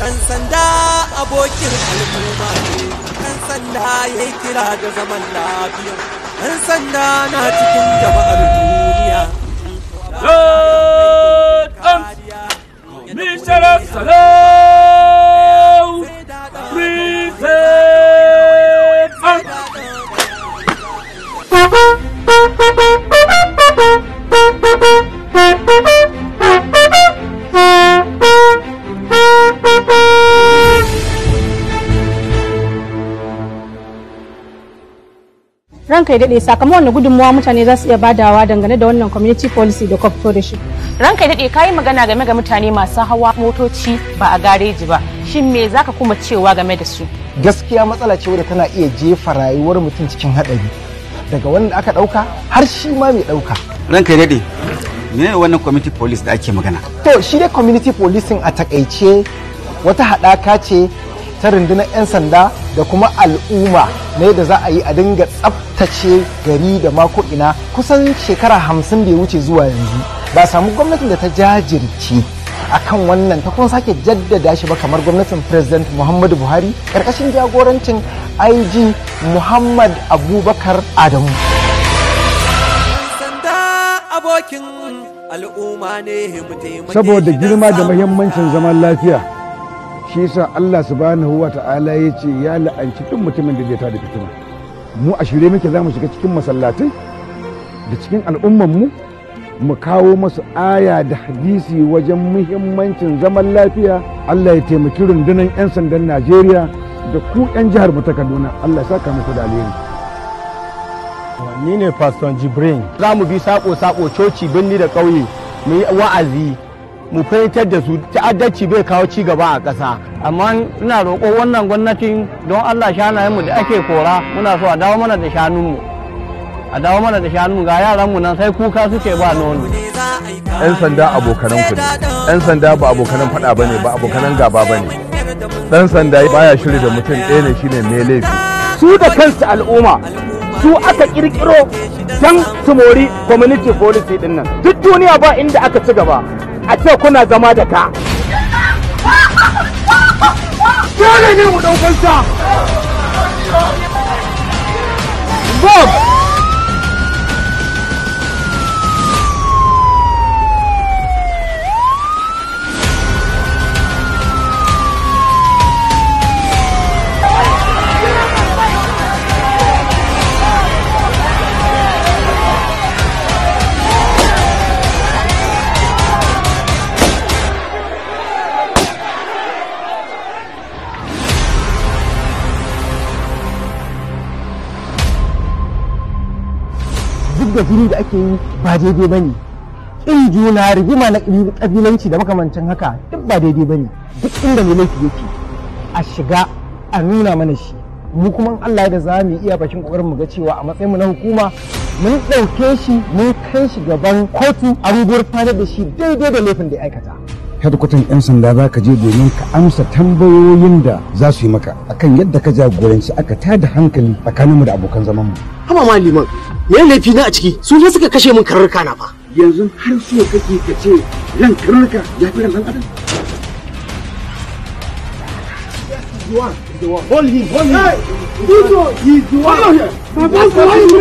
ɗan sanda abokin al'umma ne ɗan sanda ya yi kira da zaman lafiya ɗan sanda na cikin jama'ar duniya ranka ya daɗe sakamakon wani gudunmawa mutane za su iya badawa dangane da wannan community policy da cop da shi. ranka ya daɗe ka magana game ga mutane masu hawa motoci ba a gareji ba shin me za ka kuma cewa game da su. gaskiya matsala ce wadda tana iya jefa rayuwar mutum cikin haɗari daga wanda aka ɗauka har shi ma mai ɗauka. ranka ya daɗe ne wannan community police da ake magana to shi dai community policing a takaice wata haɗaka ce ta rundunar 'yan sanda da kuma al'umma ne da za a yi a dinga tsabtace gari da mako ina kusan shekara hamsin da ya wuce zuwa yanzu ba samu gwamnatin da ta jajirce akan wannan ta kuma sake jaddada shi ba kamar gwamnatin president muhammadu buhari karkashin jagorancin ig muhammad abubakar adamu saboda girma da mahimmancin zaman lafiya shi sa Allah bani wa ta'ala ya ce ya la'anci duk mutumin da zai tada fitina mu a shirye muke za shiga cikin masallatai da cikin al'umman mu mu kawo masu aya da hadisi wajen muhimmancin zaman lafiya Allah ya taimaki rundunar 'yan sandan Najeriya da ku 'yan jihar mu ta Kaduna Allah ya saka muku da alheri ni ne Pastor Jibrin za mu bi sako-sako coci binni da ƙauye mu yi wa'azi mu fahimtar da su ta'addaci bai kawo ci gaba a ƙasa amma ina roƙo wannan gwamnatin don allah mu da ake kora muna so a dawo mana da shanunmu a dawo mana da shanunmu ga yaranmu nan sai kuka suke ba nono yan sanda abokanan ku ne yan sanda ba abokanan faɗa bane ba abokanan gaba bane ɗan sanda baya shiri da mutum ɗaya ne shine mai laifi su da kansu al'umma su aka kirkiro dan su mori community policy din nan duk duniya ba inda aka ci gaba a ce kuna zama da ta. dole ne mu ɗaukansa Bob! watsi da fili da ake yi ba daidai ba ne ƙin juna rigima na ƙabilanci da makamancin haka duk ba daidai ba ne duk inda mai laifi yake a shiga a nuna mana shi mu kuma Allah da za mu iya bakin kokarin mu ga cewa a matsayin mu na hukuma mun ɗauke shi mun kai shi gaban kotu an gurfanar da shi daidai da laifin da ya aikata hedkwatan 'yan sanda za ka je domin ka amsa tambayoyin da za su yi maka akan yadda ka jagoranci aka tada hankali tsakaninmu da abokan zamanmu. Hama ma liman, me laifi na a ciki? Su ne suka kashe min karnuka na fa. Yanzu har so kake ka ce ran karnuka ya fi ran adam? Hold him, hold him. Hey, you go, he's the one.